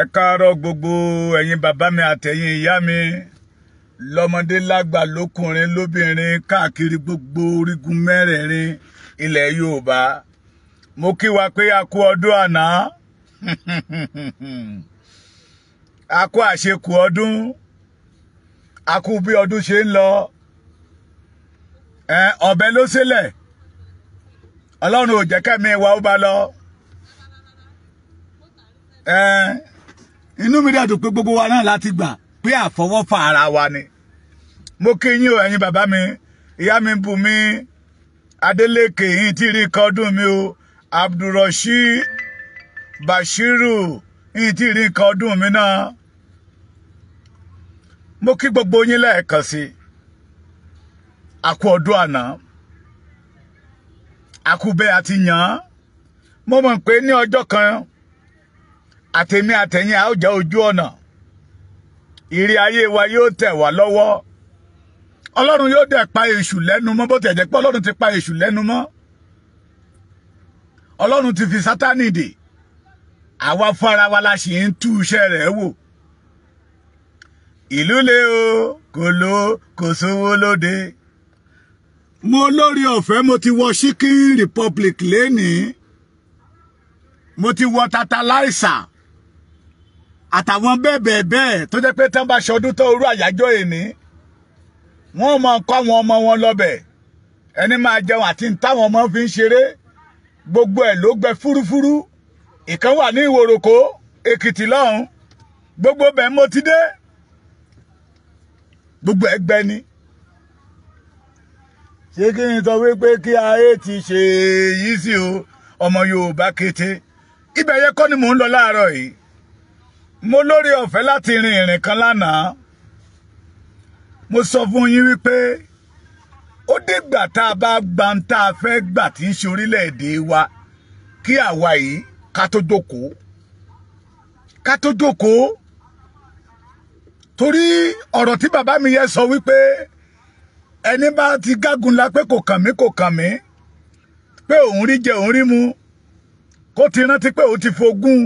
ẹ káàárọ̀ gbogbo ẹ̀yin bàbá mi àtẹ̀yìn ìyá mi lọ́mọdé lágbà lókùnrin lóbìnrin káàkiri gbogbo orígun mẹ́rẹ̀ẹ̀rin ilẹ̀ Yorùbá mo kí wa pé a kú ọdún àná a kú àṣekù ọdún a kú bí ọdún ṣe ń lọ ọ̀bẹ ló sílẹ̀ Ọlọ́run ò jẹ́ kẹ́mi wa ó lọ. inú mi dẹ̀ dùn pé gbogbo wa náà láti gbà pé àfọwọ́fà ara wa ni mo kí yín o ẹ̀yin bàbá mi ìyá mi bù mí Adélékè yín tí rí nǹkan ọdún mi o Abdulrashi Bashiru yín tí rí nǹkan ọdún mi náà mo kí gbogbo yín lẹ́ẹ̀kan sí àkú ọdún àná àkú bẹ́ẹ̀ àti yàn án mo mọ̀ pé ní ọjọ́ kan àtẹ̀mí àtẹ̀yìn a ó jẹ́ ojú ọ̀nà ìrí ayé wa yóò tẹ̀ wá lọ́wọ́ ọlọ́run yóò dẹ̀ pa èṣù lẹ́nu mọ́ bó tẹ̀ jẹ́ pé ọlọ́run ti pa èṣù lẹ́nu mọ́ ọlọ́run ti fi sátánì dè àwa fúnra wa la ṣì ń tú iṣẹ́ rẹ̀ wò ìlú le o kò lo kò sówó lóde mo lórí ọ̀fẹ́ mo ti wọ Chicken Republic lénìí mo ti wọ Tantalizer àtàwọn bẹ́ẹ̀ bẹ́ẹ̀ bẹ́ẹ̀ tó jẹ́ pé tán bá ṣọdún tó orú àyájọ́ èní wọ́n máa kọ́ àwọn ọmọ wọn lọ́bẹ̀ ẹni máa jẹun àti táwọn ọmọ fi ń ṣeré gbogbo ẹ̀ ló gbẹ fúrúfúrú ìkan wà ní ìwòròkó èkìtì lọ́hùn gbogbo bẹ́ẹ̀ mo ti dé gbogbo ẹ̀ gbẹ ni ṣé kí n sọ wípé kí ayé ti ṣe èyí sí o ọmọ Yorùbá kété ibẹ̀ yẹ kọ́ ni mò ń lọ láàárọ̀ yìí mo lórí ọ̀fẹ́ láti rin ìrìn kan lánàá mo sọ fún yín wípé ó dìgbà tá a bá gba ń tá a fẹ́ gbà tí ń ṣe orílẹ̀-èdè wa kí àwa yìí ká tó jókòó ká tó jókòó torí ọ̀rọ̀ tí bàbá mi yẹn sọ wípé ẹni bá ti gágun la pé kò kàn mí kò kàn mí pé òun rí jẹ òun rí mu kó ti rántí pé òun ti fogún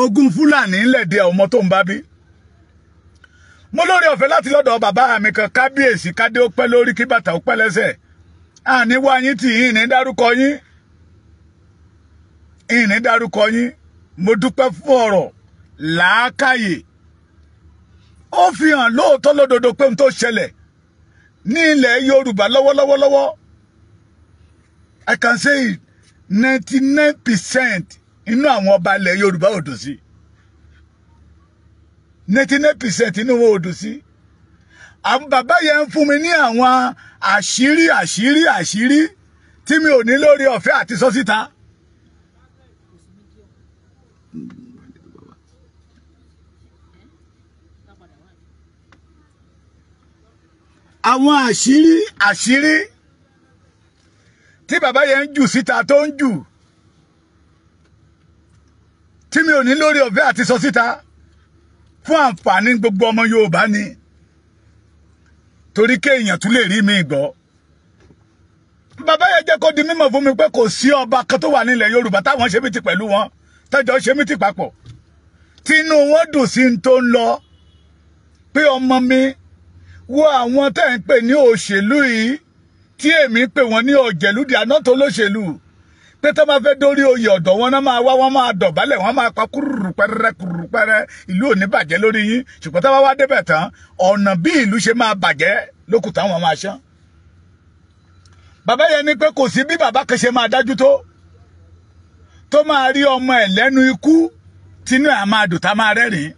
ogun fúlàní ńlẹ̀dẹ̀ ọmọ tó ń bá bí mo lórí ọ̀fẹ́ láti lọ́dọ̀ bàbá mi kan kábíyèsí kádé ó pẹ́ lórí kí bàtà ó pẹ́ lẹ́sẹ̀ àní wá yín tí yín ní dárúkọ yín yín ní dárúkọ yín mo dúpẹ́ fún ọ̀rọ̀ làákàyè ó fi hàn lóòótọ́ lódodo pé n tó ṣẹlẹ̀ ní ilẹ̀ Yorùbá lọ́wọ́lọ́wọ́lọ́wọ́ I can say ninety nine percent inú àwọn ọba ilẹ̀ Yorùbá ò dùn sí ninety nine percent inú wọn ò dùn sí àwọn bàbá yẹn ń fún mi ní àwọn àṣírí àṣírí àṣírí tí mi ò ní lórí ọ̀fẹ́ àti sọ àwọn àṣírí àṣírí tí bàbá yẹn ń jù síta tó ń jù tí mi ò ní lórí ọ̀fẹ́ àti sọ síta fún àǹfààní gbogbo ọmọ Yorùbá ni torí kéèyàn tún lè rí mi gbọ́ bàbá yẹn jẹ́ kó di mímọ̀ fún mi pé kò sí ọba kan tó wà nílẹ̀ Yorùbá táwọn ṣe mítì pẹ̀lú wọn tọ́jọ́ ṣe mítì papọ̀ tínú wọn dùn sí n tó ń lọ pé ọmọ mi wo àwọn tẹ́ ń pè ní òṣèlú yìí tí èmi pè wọ́n ní òjèlú díà náà tó pé tó máa fẹ́ dórí oyè ọ̀dọ̀ wọn náà máa wá wọn máa dọ̀bálẹ̀ wọn máa pa kúrúrú pẹ́rẹ́rẹ́ kúrúrú pẹ́rẹ́ ìlú ò ní bàjẹ́ lórí yín ṣùgbọ́n táwa wá débẹ̀ tán ọ̀nà bí ìlú ṣe máa bàjẹ́ lókùtà wọn máa ṣán. bàbá yẹn ní pé kò sí bí bàbá kan ṣe máa dájú tó tó máa rí ọmọ ẹ̀ lẹ́nu ikú tinú ẹ̀ máa dùn tá máa rẹ́rìn.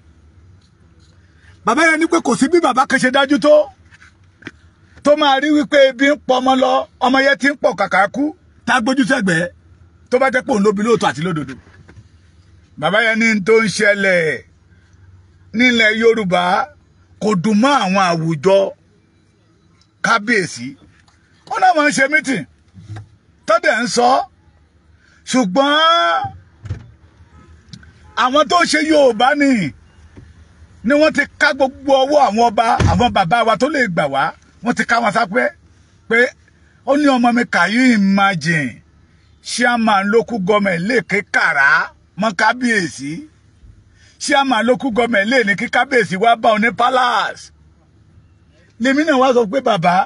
bàbá yẹn ní pé kò sí bí bàbá kan ṣe dájú tó tó máa rí wípé ebi ń pọ ọmọ lọ ọmọ yẹn ti ń pọ kàkà kú tá a gbójú sẹ́gbẹ̀ẹ́ tó bá jẹ́ pé òun ló bí lóòótọ́ àti lódodo bàbá yẹn ní tó ń ṣẹlẹ̀ nílẹ̀ Yorùbá kò dùn mọ́ àwọn àwùjọ kábíyèsí wọn náà máa ń ṣe mítìn tọ́dẹ̀ ń sọ ṣùgbọ́n àwọn tó ń ṣe Yorùbá nìyí ni wọ́n ti ká gbogbo ọwọ́ àwọn ọba àwọn bàbá wa tó lè gbà wá wọ́n ti ká wọn sápẹ́ pé ó ní ọmọ mi kà yí imagine chairman local government lè ké kàrá mọ́ kábíyèsí chairman local government lè ní kí kábíyèsí wá bá òní palace lèmi náà wá sọ pé bàbá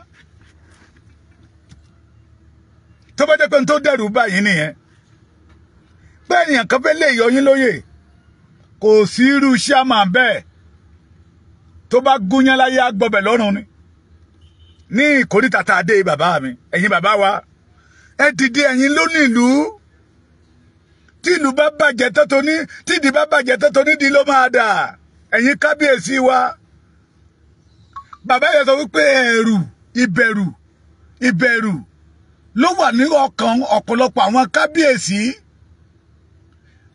tó bá jẹ́ pé n tó dẹ̀rù báyìí nìyẹn bẹ́ẹ̀ nìyẹn kan fẹ́ lè yọ yín lóyè kò sí irú chairman bẹ́ẹ̀ tó bá gúnyán láyé lọ́rùn ni ní ìkórìtà tá a dé bàbá mi ẹ̀yin bàbá wa ẹ dìde ẹ̀yin lónìí ìlú tí ìlú bá bàjẹ́ tọ́tọ́ ní tí ìdí bá bàjẹ́ tọ́tọ́ nídìí ló máa dà ẹ̀yin kábíyèsí wa bàbá yẹn sọ wípé ẹ̀rù ìbẹ̀rù ìbẹ̀rù ló wà ní ọkàn ọ̀pọ̀lọpọ̀ àwọn kábíyèsí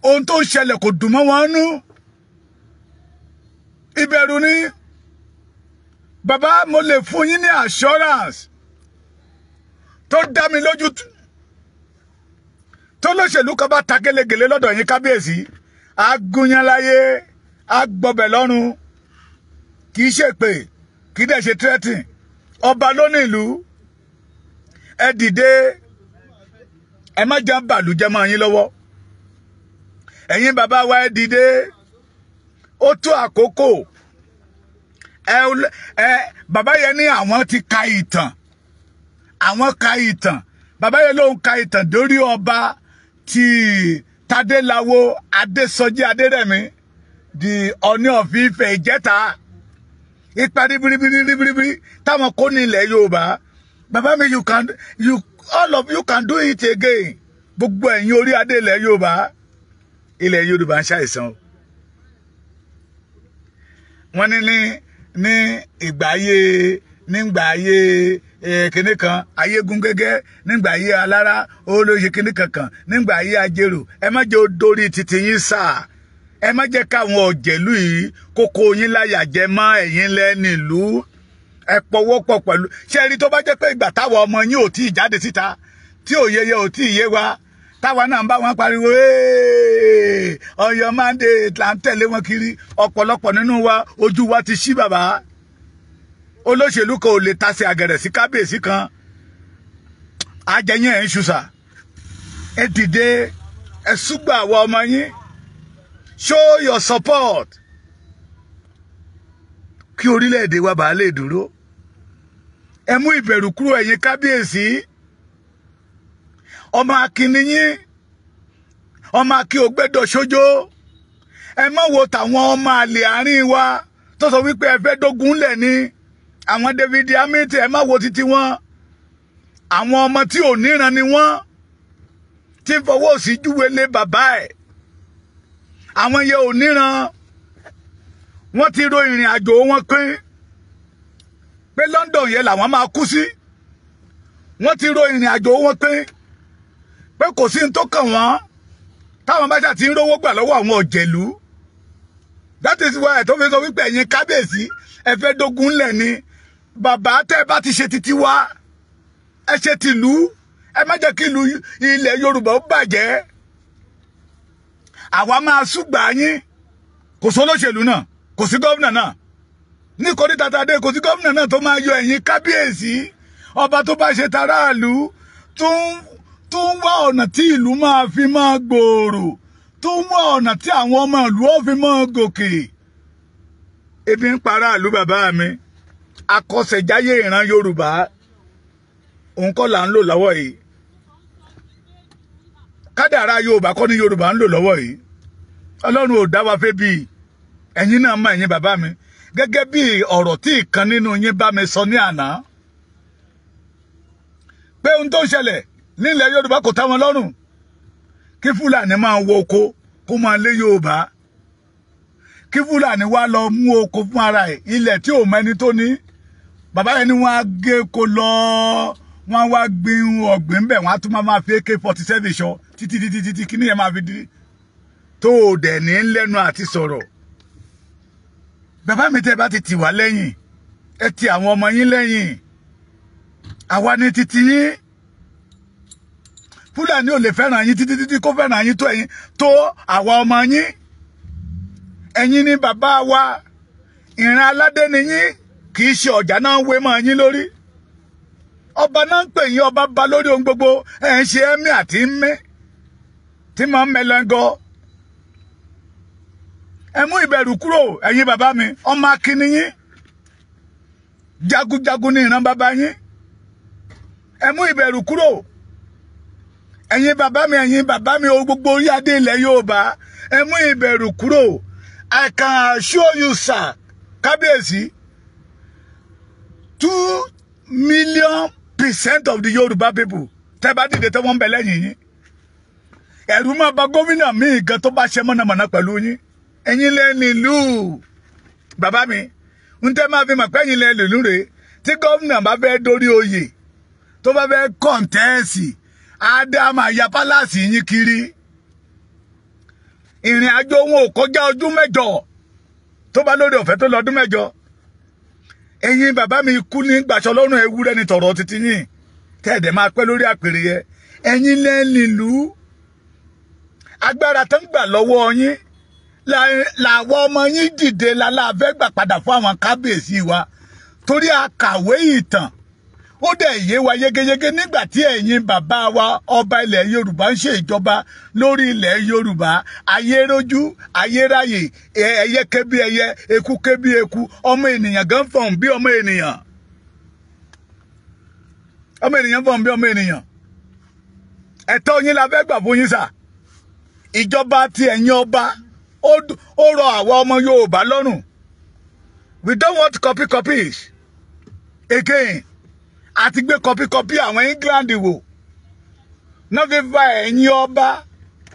ohun tó ń ṣẹlẹ̀ kò dùn mọ́ wọn nú ìbẹ̀rù ni bàbá mo lè fún yín ní assurance tó dá mi lójú tólóṣèlú kan bá ta gẹ́lẹ́gẹ́lẹ́ lọ́dọ̀ yín kábíyèsí agúnyanláyé agbọ̀bẹ̀ lọ́rùn kì í ṣèpè kì í dẹ̀ ṣe tírẹ́tìn ọba lónìí ìlú ẹ dìde ẹ má jẹ́ bàlújẹ́ mọ́ yín lọ́wọ́ ẹ̀yin bàbá wa ẹ dìde ó tó àkókò ẹ ẹ bàbá yẹn ní àwọn ti ka ìtàn àwọn ka ìtàn bàbá yẹn ló ka ìtàn dórí ọba ti Tadéláwo adesoji Adérẹ̀mí di Ọọ̀ni of Ifẹ̀ Ìjẹ̀ta ipa ribiribiribiribiri táwọn kó ní ilẹ̀ Yorùbá bàbá mi you can you all of you can do it again gbogbo ẹ̀yin orí adé ilẹ̀ Yorùbá ilẹ̀ Yorùbá ń ṣàìsàn o wọ́n ní ní ìgbà ayé nígbà ayé kinní kan ayégún gẹ́gẹ́ nígbà ayé alára olóyè kinní kankan nígbà ayé ajérò ẹ má jẹ́ odórí titi yín sáà ẹ má jẹ́ káwọn ọ̀jẹ̀lú yìí kókó yín láyà jẹ mọ́ ẹ̀yin lẹ́nu ìlú ẹ pọwọ́pọ̀ pẹ̀lú ṣé ẹ rí tó bá jẹ́ pé ìgbà táwọn ọmọ yín ò tí ì jáde síta tí òye yẹ ò tí ì yé wa táwa náà ń bá wọn pariwo Ọ̀yọ́ Mandate là ń tẹ̀lé wọn kiri ọ̀pọ̀lọpọ̀ nínú wa ojú wa ti ṣí bàbá olóṣèlú kan ò lè tasẹ̀ àgẹ̀rẹ̀ sí kábíyèsí kan ajẹyìn ẹ̀ ń ṣùṣà ẹ dìde ẹ súgbà àwa ọmọ yín show your support kí orílẹ̀-èdè wa bàá lè dúró ẹ mú ìbẹ̀rù kúrò ẹ̀yin kábíyèsí ọmọ akínní yín ọmọ akí ògbẹ́dọ̀ ṣojo ẹ má wo tàwọn ọmọ àlè àárín wa tó sọ wípé ẹ fẹ́ dógun ni àwọn David Amite ẹ má wo títí wọn àwọn ọmọ tí ò níran ni wọn tí fọwọ́ sí júwe lé bàbá ẹ̀ àwọn yẹn ò níran wọ́n ti ro ìrìn àjò wọn pín pé London yẹn làwọn máa kú sí wọ́n ti ro ìrìn àjò wọn pín pé kò sí ní tó kàn wọ́n táwọn bá ṣàti ń rówó gbà lọ́wọ́ àwọn òjèlú that is why tó fi sọ wípé ẹ̀yin kábíyèsí ẹ fẹ́ dogun lẹ̀ bàbá tẹ́ ẹ bá ti ṣe títí wá ẹ ṣe tìlú ẹ má jẹ́ kí ìlú ilẹ̀ Yorùbá ó bàjẹ́ àwa máa súgbà yín kò sólóṣèlú náà kò sí gómìnà náà ní kòríta tàdé kò sí gómìnà náà tó máa yọ ẹ̀yìn kábíyèsí ọba tó bá ṣe taráàlú tó ń wá ọ̀nà tí ìlú máa fi máa gbòòrò tó ń wá ọ̀nà tí àwọn ọmọ ìlú ó máa gòkè ebi ń para ìlú bàbá mi akọ́ṣẹ́jáyé ìran Yorùbá òun kọ́ là ń lò lọwọ yìí kádàrá Yorùbá kọ ní Yorùbá ń lò lọwọ yìí Ọlọ́run ò dá wa fẹ́ bíi náà mọ̀ ẹyin bàbá mi gẹ́gẹ́ bí ọ̀rọ̀ tí ìkan nínú yín bá mi sọ ní àná pé ohun tó ń Yorùbá wọ oko kó máa lé Yorùbá kí lọ mú oko fún ara tí ò tó ní. bàbá yẹn ni wọ́n á gé ko lọ wọ́n wá gbin ọ̀gbìn ń bẹ̀ wọ́n á tún máa fi ak forty seven ṣọ títí títí títí kí nìyẹn máa fi di tó o dẹ̀ ní lẹ́nu àti sọ̀rọ̀ bàbá mi tẹ́ bá ti tì wá lẹ́yìn ẹ ti àwọn ọmọ yín lẹ́yìn àwa ni titi yín fúlàní ò lè fẹ́ràn yín títí títí kó fẹ́ràn yín tó ẹ̀yin tó àwa ọmọ yín ẹ̀yin ni bàbá wa ìran aládé ni yín kì í ṣe ọ̀jà náà ń wé mọ́ yín lórí ọba náà ń pè yín ọba ba lórí ohun gbogbo ẹ̀ ń ṣe ẹ́mí àti mí tí máa ń mẹlẹ́ngọ́ ẹ mú ìbẹ̀rù kúrò ẹ̀yin bàbá mi ọmọ akíní yín jagunjagun ní ìran bàbá yín ẹ mú ìbẹ̀rù kúrò ẹ̀yin bàbá mi ẹ̀yin bàbá mi o gbogbo orí adé ilẹ̀ Yorùbá ẹ mú ìbẹ̀rù kúrò I can assure you sir kábíyèsí two million percent of the Yoruba people tẹ́ bá dìde tẹ́ wọ́n ń bẹ lẹ́yìn yín ẹ̀rù máa bà gómìnà míì gan tó bá ṣe mọ̀nàmọ̀nà pẹ̀lú yín ẹ̀yin lẹ nílù bàbá mi ń tẹ́ máa fi mọ̀ pé ẹ̀yin lẹ nílù rèé tí gómìnà bá fẹ́ dórí oyè tó bá fẹ́ kọ̀ǹtẹ́ẹ̀sì ádámà ya pálásì yín kiri ìrìn àjò wọn ò kọjá ọdún mẹ́jọ tó bá lóde ọ̀fẹ́ tó lọ ọdún mẹ́jọ ẹ̀yin bàbá mi kú ní gbàṣọ lọ́rùn ewúrẹ́ ní tọ̀rọ̀ títí yìn tẹ́ẹ̀dẹ̀ máa pẹ́ lórí àpèrè yẹ ẹ̀yin lẹ́nìlú agbára tó ń gbà lọ́wọ́ yín làwọn ọmọ yín dìde láláàfẹ́ gbà padà fún àwọn kábíyèsí wa torí a ìtàn ó dẹ̀ yé wa yégéyégé nígbà tí ẹ̀yin bàbá wa ọba ilẹ̀ yorùbá ń ṣe ìjọba lórí ilẹ̀ yorùbá ayérójú ayéráyè ẹyẹ ké ẹyẹ eku ké eku ọmọ ènìyàn gan fọ̀n bí ọmọ ènìyàn ọmọ ènìyàn fọ̀n bí ọmọ ènìyàn ẹ̀tọ́ yín la fẹ́ gbà fún yín sà ìjọba ti ẹ̀yin ọba ó rọ àwa ọmọ yorùbá lọ́rùn we don't want copy copies again àti gbé kọpíkọpí àwọn England wò náà fi fa ẹ̀yìn ọba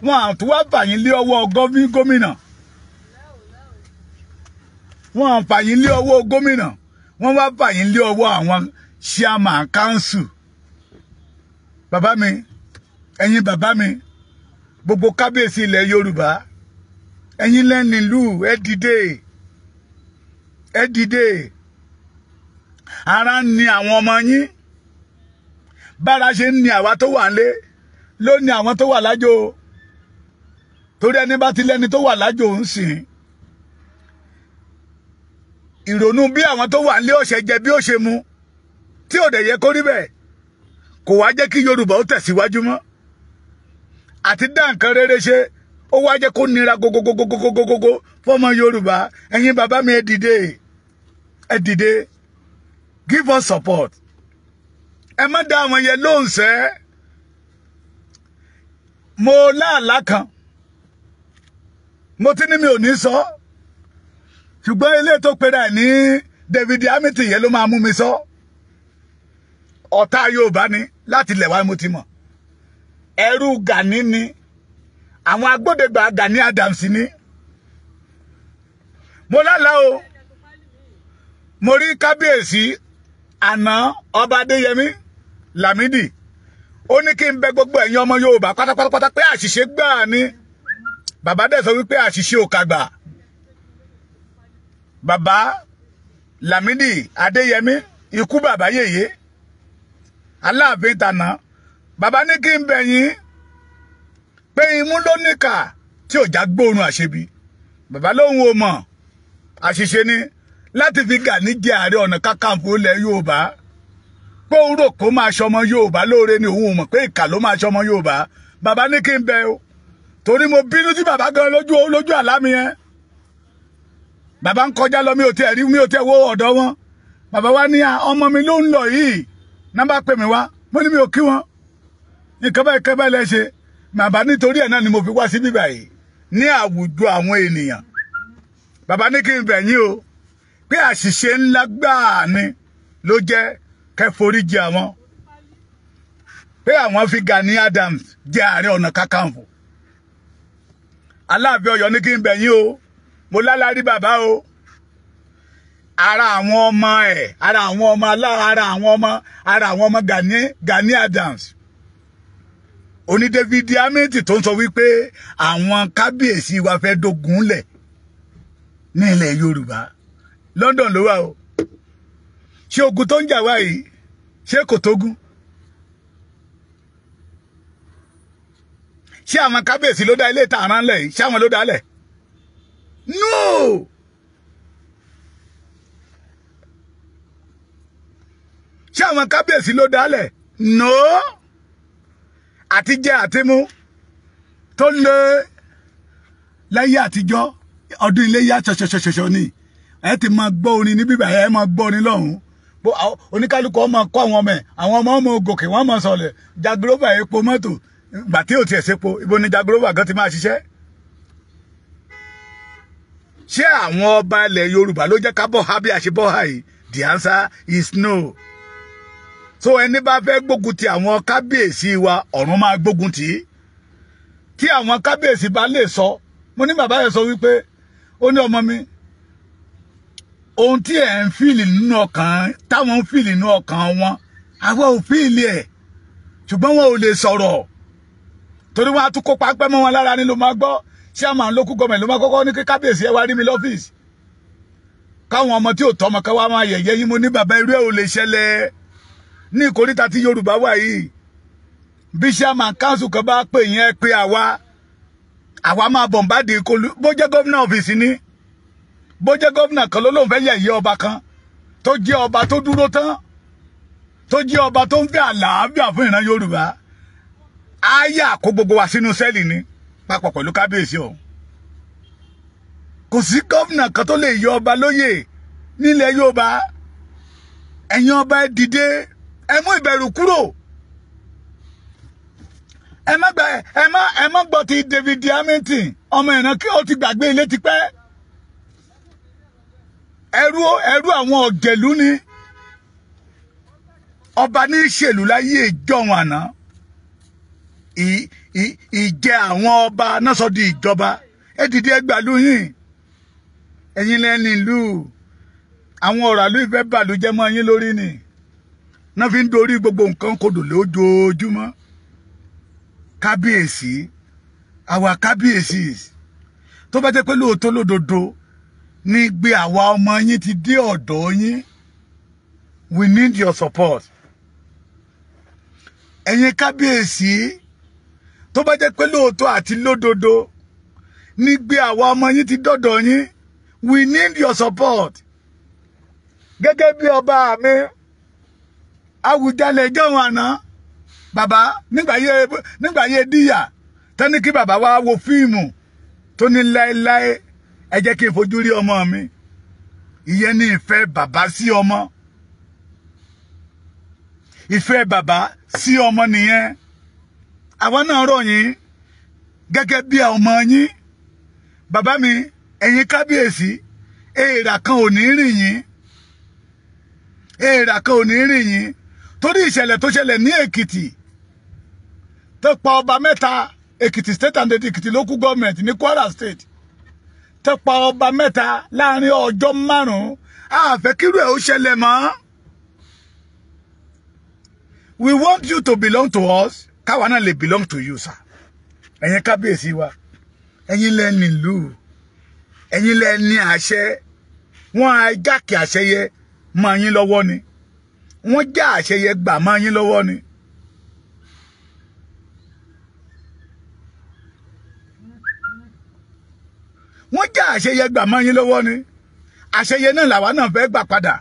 wọn àtún wá fàyín lé ọwọ́ gómìnà wọn fàyín lé ọwọ́ gómìnà wọn wá fàyín lé ọwọ́ àwọn chairman council bàbá mi ẹ̀yin bàbá mi gbogbo kábíyèsí ilẹ̀ Yorùbá ẹ̀yin lẹ́nu ìlú ẹ dìde ara ń ni àwọn ọmọ yín bára ṣe ń ni àwa tó wà ń lé ló ní àwọn tó wà lájò torí ẹni bá ti lẹ́ni tó wà lájò ń sìn ìrònú bí àwọn tó wà ń lé ọ̀sẹ̀ jẹ bí ó ṣe mu tí ò dẹ̀ yẹ kó rí bẹ́ẹ̀ kò wá jẹ́ kí Yorùbá ó tẹ̀síwájú mọ́ àti dá rere ṣe ó wá jẹ́ kó nira gogogogogogogogo fọmọ Yorùbá ẹ̀yin bàbá mi ẹ dìde ẹ dìde give us support ẹ má dá àwọn yẹn lóhùn sẹ́ mo láàlá kan mo ti ní mi ò ní sọ ṣùgbọ́n ilé tó pera ẹ̀ ní David Amity yẹn ló máa mú mi sọ ọ̀tá Yorùbá ni láti ilẹ̀ wa mo ti mọ̀ ẹrú Gani ni àwọn agbódegbà Gani Adams ni mo lálàá o mo rí kábíyèsí àná ọba adéyẹmí lamidi ó ní kí n bẹ gbogbo ẹ̀yin ọmọ yorùbá pátápátá pé àṣìṣe gbáà ni bàbá dẹ̀ sọ wípé àṣìṣe ò kàgbà bàbá lámídì adéyẹmí ikú bàbá yèyé aláàfin tànà bàbá ní kí n bẹ̀ yín pé imú ló níkà tí ò já gbóòórùn àṣebi bàbá lóhun ò mọ̀ àṣìṣe ni láti fi Gani jẹ ààrẹ ọ̀nà kakanfò ilẹ̀ Yorùbá pé ó rò kó máa ṣọmọ Yorùbá lóore ni òun mọ̀ pé ìkà ló máa ṣọmọ Yorùbá bàbá ní kí n bẹ o torí mo bínú sí bàbá gan lójú lójú àlá mi yẹn bàbá ń kọjá lọ mi ò tiẹ̀ rí mi ò tiẹ̀ wo ọ̀dọ̀ wọn bàbá wa ní ọmọ mi ló ń lọ yìí nọ́mbà pè mí wá mo ní mi ò kí wọn nǹkan báyìí kẹ́ báyìí lẹ́ ṣe bàbá nítorí ẹ̀ náà ni mo fi wá sí bíbà yìí ní àwùjọ àwọn ènìyàn bàbá ní kí n bẹ̀ yín o pé àṣìṣe ńlá gbáà ni ló jẹ́ kẹforíjì àwọn pé àwọn fi Gani Adams jẹ ààrẹ ọ̀nà kakanfò aláàfin Ọ̀yọ́ ní kí n bẹ̀yìn o mo lálárí bàbá o ara àwọn ọmọ ẹ̀ ara àwọn ọmọ alára ara àwọn ọmọ ara àwọn ọmọ Gani Gani Adams oní David amity tó ń sọ wípé àwọn kábíyèsí wa fẹ́ dogun lẹ̀ ní ilẹ̀ Yorùbá. London ló wà o ṣé ogun tó ń jà wá yìí ṣé kò tógun ṣé àwọn kábíyèsí ló dá ilé ìtàrán lẹ̀ yìí ṣé àwọn ló dálẹ̀ no ṣé àwọn kábíyèsí ló dálẹ̀ no àtijẹ àtimu tó ń lé láyé àtijọ́ ọdún iléyà ṣọṣọṣọṣọ ni ẹ ti máa gbọ́ orin níbí báyìí ẹ máa gbọ́ orin lọ́hùn bó oníkálukú ọmọ kọ́ àwọn ọmọ ẹ̀ àwọn ọmọ ọmọ ògòkè wọ́n mọ̀ sọ̀lẹ̀ jagoroba epo mọ́tò gbà tí ò tiẹ̀ sepo ibo ni jagoroba gan ti máa ṣiṣẹ́ ṣé àwọn ọba ilẹ̀ Yorùbá ló jẹ́ ká bọ̀ ha bí a ṣe bọ̀ ha yìí the answer is no so ẹni bá fẹ́ gbógun ti àwọn kábíyèsí wa ọ̀run máa gbógun tì í tí àwọn kábíyèsí bá lè sọ mo ní bàbá yẹn sọ wípé ó ní ọmọ mi ohun tí ẹ̀ ń fìlì nínú ọkàn táwọn ń fìlì nínú ọkàn wọn àwa ò fìlì ẹ̀ ṣùgbọ́n wọn ò lè sọ̀rọ̀ torí wọn á tún kópa pẹ́ mọ́ wọn lára ni ló máa gbọ́ sí àmà ń lókù gọ́ọ̀mẹ̀ ló máa kọ́kọ́ ní kí kábíyèsí ẹ wá rí mi lọ́fíìsì káwọn ọmọ tí ò tọ́ ọmọ káwá máa yẹ̀yẹ́ yín mo ní bàbá irú ẹ̀ ò lè ṣẹlẹ̀ ní ìkóríta tí Yorùbá wà yìí bí sẹ́mà káńsù kan bá pè yẹn pé àwa àwa máa bọ̀m̀bá dé kolu bó jẹ́ gómìnà ọ̀fíìsì ni bó jẹ́ gómìnà kan ló lóun fẹ́ yẹ̀yẹ́ ọba kan tó jẹ́ ọba tó dúró tán tó jẹ́ ọba tó ń fẹ́ àlàáfíà fún ìran Yorùbá àyà kó gbogbo wa sínú sẹ́ẹ̀lì ni papọ̀ pẹ̀lú kábíyèsí ọ̀hún kò sí gómìnà kan tó lè yọ ọba lóyè nílẹ̀ Yorùbá ẹ̀yin ọba ẹ dìde ẹ mú ìbẹ̀rù kúrò ẹ má gbọ́ ti David Hamilton ọmọ ìran ó ti gbàgbé ilé tipẹ́ ẹrú ẹrú àwọn ọ̀gẹ̀lú ni ọba ní ìṣèlú láyé ìjọ̀hún àná ìjẹ àwọn ọba náṣọ di ìjọba ẹ dìde ẹgbàlú yìí ẹ̀yin lẹ́ni ìlú àwọn ọ̀rọ̀ àlú ìfẹ́ bàlújẹ́ mọ́ yín lórí ni náà fi ń dorí gbogbo nǹkan kodò lójoojúmọ́ kábíyèsí àwa kábíyèsí tó bá jẹ́ pé lóòótọ́ lódodo ní gbé àwa ọmọ yín ti dé ọ̀dọ̀ yín we need your support ẹ̀yin kábíyèsí tó bá jẹ́ pé lóòótọ́ àti lódodo ní gbé àwa ọmọ yín ti dọ̀dọ̀ yín we need your support gẹ́gẹ́ bí ọba mi Awùjalẹ̀ jọ̀hún àná bàbá nígbàyé nígbàyé díyà tẹ́ni kí bàbá wa wo fíìmù tó ní láéláé ẹ jẹ́ kí n fojú rí ọmọ mi ìyẹn ní ìfẹ́ bàbá sí ọmọ ìfẹ́ bàbá sí ọmọ nìyẹn àwa náà rọ̀ yín gẹ́gẹ́ bí ọmọ yín bàbá mi ẹ̀yin kábíyèsí èèrà kan ò ní rìn yín èèrà kan ò ní rìn yín torí ìṣẹ̀lẹ̀ tó ṣẹlẹ̀ ní Èkìtì tó pa ọba mẹ́ta Èkìtì state and Èkìtì local government ní Kwara state fẹ́ pa ọba mẹ́ta láàrin ọjọ́ márùn-ún a ẹ̀ ó ṣẹlẹ̀ mọ́. we want you to belong to us káwa náà lè belong to you sir ẹ̀yin kábíyèsí wa ẹ̀yin lẹ ní ìlú ẹ̀yin lẹ ní àṣẹ wọn á jákè àṣẹ yẹ máa yín lọ́wọ́ ni wọ́n já àṣẹ yẹ gbà máa yín lọ́wọ́ ni. wọ́n já àṣeyẹ gbà mọ́ yín lọ́wọ́ ni àṣeyẹ náà làwa náà fẹ́ gbà padà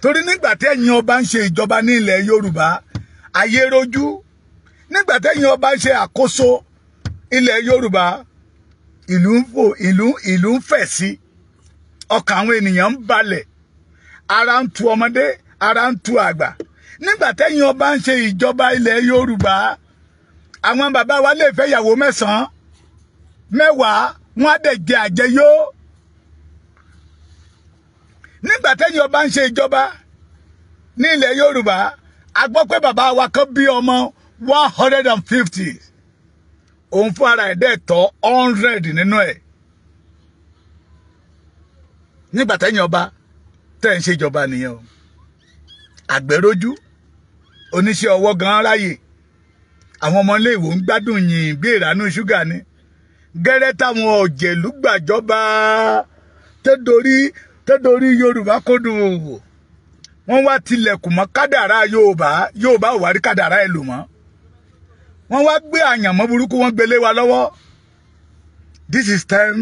torí nígbà tẹ́yin ọba ń ṣe ìjọba ní ilẹ̀ Yorùbá ayé rojú nígbà tẹ́yin ọba ń ṣe àkóso ilẹ̀ Yorùbá ìlú ń fò ìlú ìlú ń fẹ̀ sí ọkàn àwọn ènìyàn ń balẹ̀ ara ń tu ọmọdé ara ń tu àgbà nígbà tẹ́yin ọba ń ṣe ìjọba ilẹ̀ Yorùbá àwọn bàbá wa lè fẹ́ yàwó mẹ́sàn-án wọn á dẹ̀ jẹ àjẹyó nígbà tẹ́yìn ọba ń ṣe ìjọba ní ilẹ̀ Yorùbá a gbọ́ pé bàbá wa kan bí ọmọ one hundred and fifty òun fún ara ẹ̀ dẹ̀ tọ́ hundred nínú ẹ̀ nígbà tẹ́yìn ọba tẹ́ ń ṣe ìjọba nìyẹn o àgbẹ̀rójú oníṣẹ́ ọwọ́ gan-an ráyè àwọn ọmọ ilé ìwò ń gbádùn yìnyín bí ìránú ṣúgà ni gẹ́rẹ́ táwọn ọ̀jẹ̀lú gbàjọba tẹ́dorí tẹ́dorí yorùbá kódùn òwò wọ́n wá tilẹ̀kùn mọ́ kádàrá yorùbá yorùbá ò kádàrá ẹ̀ lò mọ́ wọ́n wá gbé àyànmọ́ burúkú wọ́n gbélé wa lọ́wọ́ this is time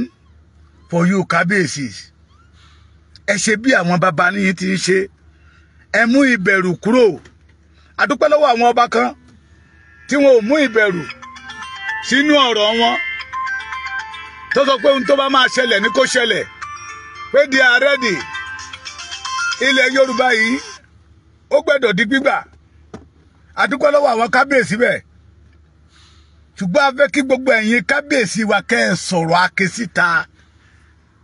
for you kábíyèsí ẹ ṣe bí àwọn baba yín ti ń ṣe ẹ mú ìbẹ̀rù kúrò àdúpẹ́ lọ́wọ́ àwọn ọba kan tí wọn ò mú ìbẹ̀rù sínú ọ̀rọ̀ wọn tó sọ pé ohun tó bá máa ṣẹlẹ̀ ní kó ṣẹlẹ̀ pé di àrẹ́dì ilẹ̀ Yorùbá yìí ó gbẹ́dọ̀ di gbígbà àdúpẹ́ lọ́wọ́ àwọn kábíyèsí bẹ́ẹ̀ ṣùgbọ́n a fẹ́ kí gbogbo ẹ̀yin kábíyèsí wa kẹ́ ẹ sọ̀rọ̀ ake síta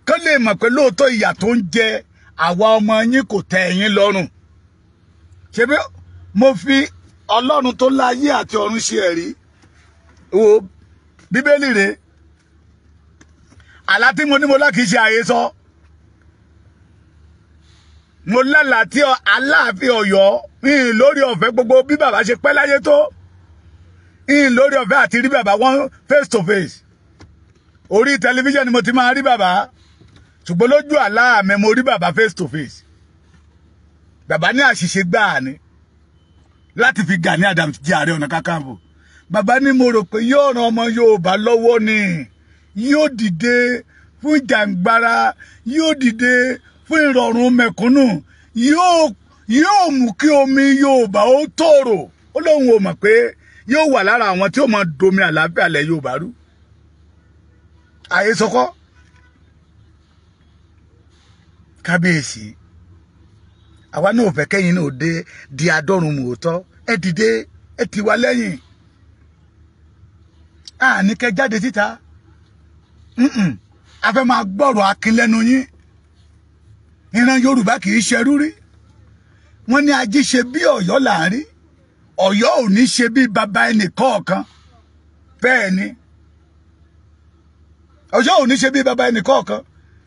kán lè mọ̀ pé lóòótọ́ ìyà tó ń jẹ àwa ọmọ yín kò tẹ́ ẹ̀yin lọ́rùn ṣebí mo fi ọlọ́run tó láyé àti ọ̀run ṣe ẹ̀rí wo bíbélì rèé àlá tí mo ní mo lá kìí ṣe àyè sọ mo lálàá tí aláàfin Ọ̀yọ́ ìhìn lórí ọ̀fẹ́ gbogbo bí bàbá ṣe pẹ́ láyé tó ìhìn lórí ọ̀fẹ́ àti rí bàbá wọn face to face orí tẹlifíṣàn ni mo ti máa rí bàbá ṣùgbọ́n lójú àlá mi mo rí bàbá face to face bàbá ní àṣìṣe gbáà ni láti fi Gani Adams jẹ Ààrẹ Ọ̀nà Kakanfò bàbá ní mo rò pé yóò ran ọmọ Yorùbá lọ́wọ́ ni yóò dìde fún jàǹgbara yóò dìde fún ìrọ̀rùn mẹ̀kúnnù yóò mú kí omi Yorùbá ó tòrò ó lóun ò mọ̀ pé yóò wà lára àwọn tí ó máa domi àlàáfíà ilẹ̀ Yorùbá rú àhesọkọ́ kábíyèsí àwa náà ò fẹ́ kẹ́yìn náà dé di adọ́run mòótọ́ ẹ dìde ẹ tì wá lẹ́yìn àní jáde síta a fẹ́ máa gbọ́rọ̀ akin lẹ́nu yín ìran yorùbá kì í ṣerú rí wọ́n ní ají ṣe bí ọ̀yọ́ láàrin ọ̀yọ́ ò ní ṣe bí baba ẹnì kọ̀ọ̀kan bẹ́ẹ̀ ni ọ̀yọ́ ò ní ṣe bí baba ẹnì kọ̀ọ̀kan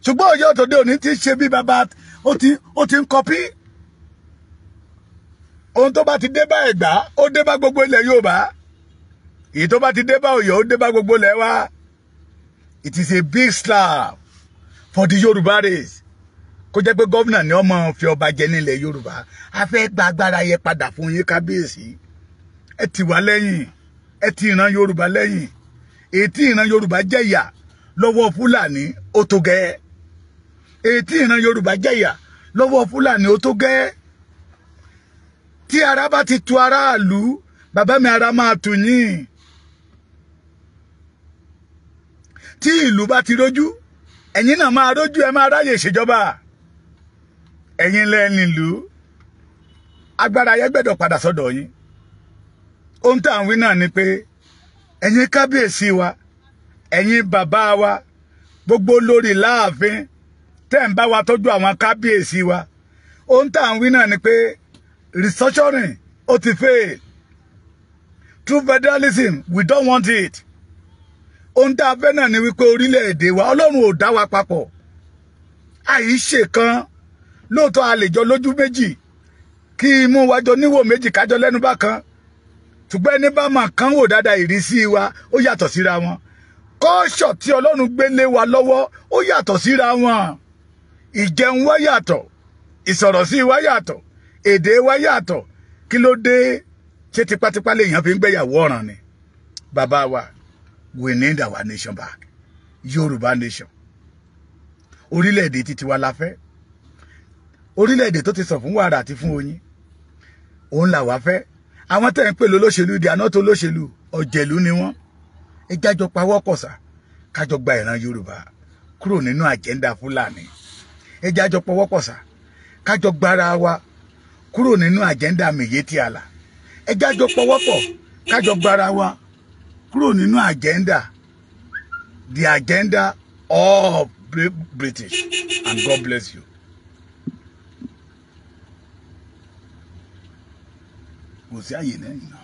ṣùgbọ́n ọ̀yọ́ òtòdé òní ti ṣe bí baba ó ti ó ti ń kọpí ohun tó bá ti dé bá ẹ̀gbá ó dé bá gbogbo ilẹ̀ yorùbá èyí tó bá ti dé bá ọ̀yọ́ ó dé bá gbogbo ilẹ̀ wa it is a big slap for the Yorùbá race kó jẹ́ pé gómìnà ni ọmọ fi ọba jẹ nílẹ̀ Yorùbá a fẹ́ gba agbára yẹ padà fún yín kábíyèsí ẹ ti wá lẹ́yìn ẹ ti ìran Yorùbá lẹ́yìn èyí tí ìran Yorùbá jẹ̀yà lọ́wọ́ Fúlàní ó tó gẹ́ èyí tí ìran Yorùbá jẹ̀yà lọ́wọ́ Fúlàní ó tó gẹ́ tí ara bá ti tu aráàlú bàbá mi ara máa tù yín tí ìlú bá ti rójú ẹ̀yin náà máa rójú ẹ máa ráyè ìṣèjọba ẹ̀yin lẹ́ni ìlú agbára ayé gbẹ̀dọ̀ padà sọ́dọ̀ yín ohun tá à ń wí náà ni pé ẹ̀yin kábíyèsí wa ẹ̀yin bàbá wa gbogbo lórí láàfin tẹ́ ń bá wa tọ́jú àwọn kábíyèsí wa ohun tá à ń wí náà ni pé restructuring ó ti fail true federalism we don't want it ohun tá a fẹ́ náà ni wípé orílẹ̀-èdè wa ọlọ́run ò dá wa papọ̀ àì ṣe kan lóòótọ́ a lè jọ lójú méjì kí imú wa jọ níwò méjì kájọ lẹ́nu bá kan ṣùgbọ́n ẹni bá mà kán wò dáadáa ìrísí wa ó yàtọ̀ síra wọn kọ́ọ̀ṣọ̀ tí ọlọ́run gbé lé wa lọ́wọ́ ó yàtọ̀ síra wọn ìjẹun wa yàtọ̀ ìsọ̀rọ̀ sí wa yàtọ̀ èdè wa yàtọ̀ kí ló dé ṣé tipátipá lèèyàn fi ń gbéyàwó ọ̀ràn ni bàbá wa we need our nation back Yoruba nation orílẹ̀-èdè títí wa la fẹ́ orílẹ̀-èdè tó ti sàn fún wàrà àti fún oyin òun là wá fẹ́ àwọn tẹ̀ ń pè lólóṣèlú di àná tó lóṣèlú ọ̀jẹ̀lú ni wọ́n ẹ jájọ pawọ́ kọ̀sà kájọ gba ìran yorùbá kúrò agenda àjẹ́ndà e ẹ jájọ pawọ́ kọ̀sà kájọ gbára wa kúrò nínú àjẹ́ndà mèyétí àlà ẹ jájọ pawọ́ pọ̀ kájọ gbára wa kúrò nínú agenda the agenda of British and God bless you. kò sí àyè lẹ́yìn náà.